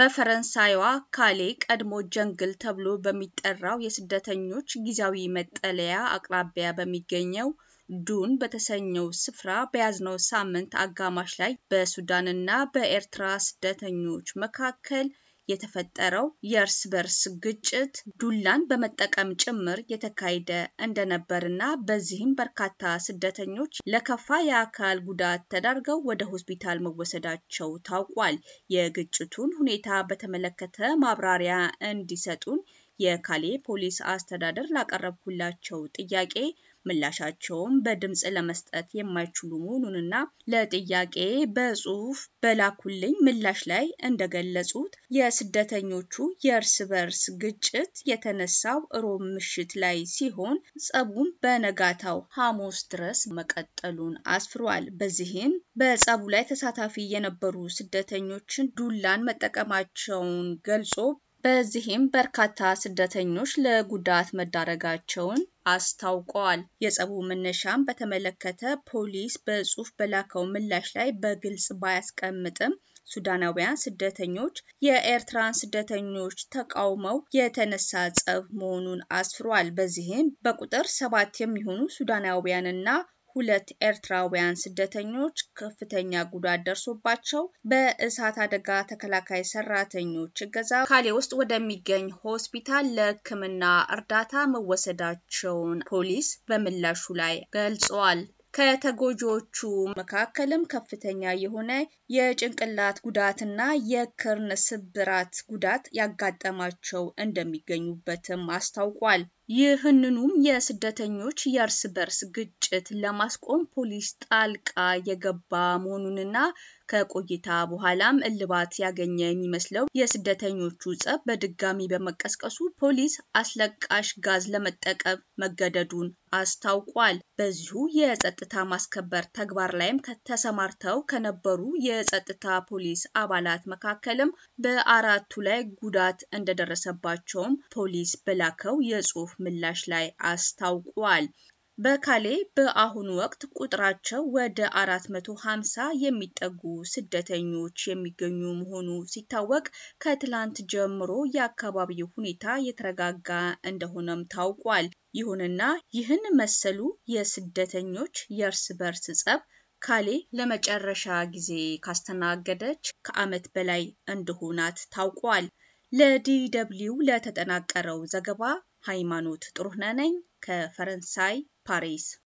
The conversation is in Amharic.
በፈረንሳይዋ ካሌ ቀድሞ ጀንግል ተብሎ በሚጠራው የስደተኞች ጊዜያዊ መጠለያ አቅራቢያ በሚገኘው ዱን በተሰኘው ስፍራ በያዝነው ሳምንት አጋማሽ ላይ በሱዳንና በኤርትራ ስደተኞች መካከል የተፈጠረው የእርስ በርስ ግጭት ዱላን በመጠቀም ጭምር የተካሄደ እንደነበርና በዚህም በርካታ ስደተኞች ለከፋ የአካል ጉዳት ተዳርገው ወደ ሆስፒታል መወሰዳቸው ታውቋል። የግጭቱን ሁኔታ በተመለከተ ማብራሪያ እንዲሰጡን የካሌ ፖሊስ አስተዳደር ላቀረብኩላቸው ጥያቄ ምላሻቸውን በድምፅ ለመስጠት የማይችሉ መሆኑንና ለጥያቄ በጽሁፍ በላኩልኝ ምላሽ ላይ እንደገለጹት የስደተኞቹ የእርስ በርስ ግጭት የተነሳው ሮብ ምሽት ላይ ሲሆን ጸቡም በነጋታው ሐሙስ ድረስ መቀጠሉን አስፍሯል። በዚህም በጸቡ ላይ ተሳታፊ የነበሩ ስደተኞችን ዱላን መጠቀማቸውን ገልጾ በዚህም በርካታ ስደተኞች ለጉዳት መዳረጋቸውን አስታውቀዋል። የጸቡ መነሻም በተመለከተ ፖሊስ በጽሁፍ በላከው ምላሽ ላይ በግልጽ ባያስቀምጥም ሱዳናውያን ስደተኞች የኤርትራን ስደተኞች ተቃውመው የተነሳ ጸብ መሆኑን አስፍሯል። በዚህም በቁጥር ሰባት የሚሆኑ ሱዳናውያንና ሁለት ኤርትራውያን ስደተኞች ከፍተኛ ጉዳት ደርሶባቸው በእሳት አደጋ ተከላካይ ሰራተኞች እገዛ ካሌ ውስጥ ወደሚገኝ ሆስፒታል ለሕክምና እርዳታ መወሰዳቸውን ፖሊስ በምላሹ ላይ ገልጿል። ከተጎጂዎቹ መካከልም ከፍተኛ የሆነ የጭንቅላት ጉዳትና የክርን ስብራት ጉዳት ያጋጠማቸው እንደሚገኙበትም አስታውቋል። ይህንኑም የስደተኞች የእርስ በርስ ግጭት ለማስቆም ፖሊስ ጣልቃ የገባ መሆኑንና ከቆይታ በኋላም እልባት ያገኘ የሚመስለው የስደተኞቹ ጸብ በድጋሚ በመቀስቀሱ ፖሊስ አስለቃሽ ጋዝ ለመጠቀም መገደዱን አስታውቋል። በዚሁ የጸጥታ ማስከበር ተግባር ላይም ተሰማርተው ከነበሩ የጸጥታ ፖሊስ አባላት መካከልም በአራቱ ላይ ጉዳት እንደደረሰባቸውም ፖሊስ በላከው የጽሁፍ ምላሽ ላይ አስታውቋል። በካሌ በአሁኑ ወቅት ቁጥራቸው ወደ 450 የሚጠጉ ስደተኞች የሚገኙ መሆኑ ሲታወቅ ከትላንት ጀምሮ የአካባቢው ሁኔታ የተረጋጋ እንደሆነም ታውቋል። ይሁንና ይህን መሰሉ የስደተኞች የእርስ በርስ ጸብ ካሌ ለመጨረሻ ጊዜ ካስተናገደች ከዓመት በላይ እንደሆናት ታውቋል። ለዲ ደብልዩ ለተጠናቀረው ዘገባ ሃይማኖት ጥሩህነነኝ ነኝ ከፈረንሳይ ፓሪስ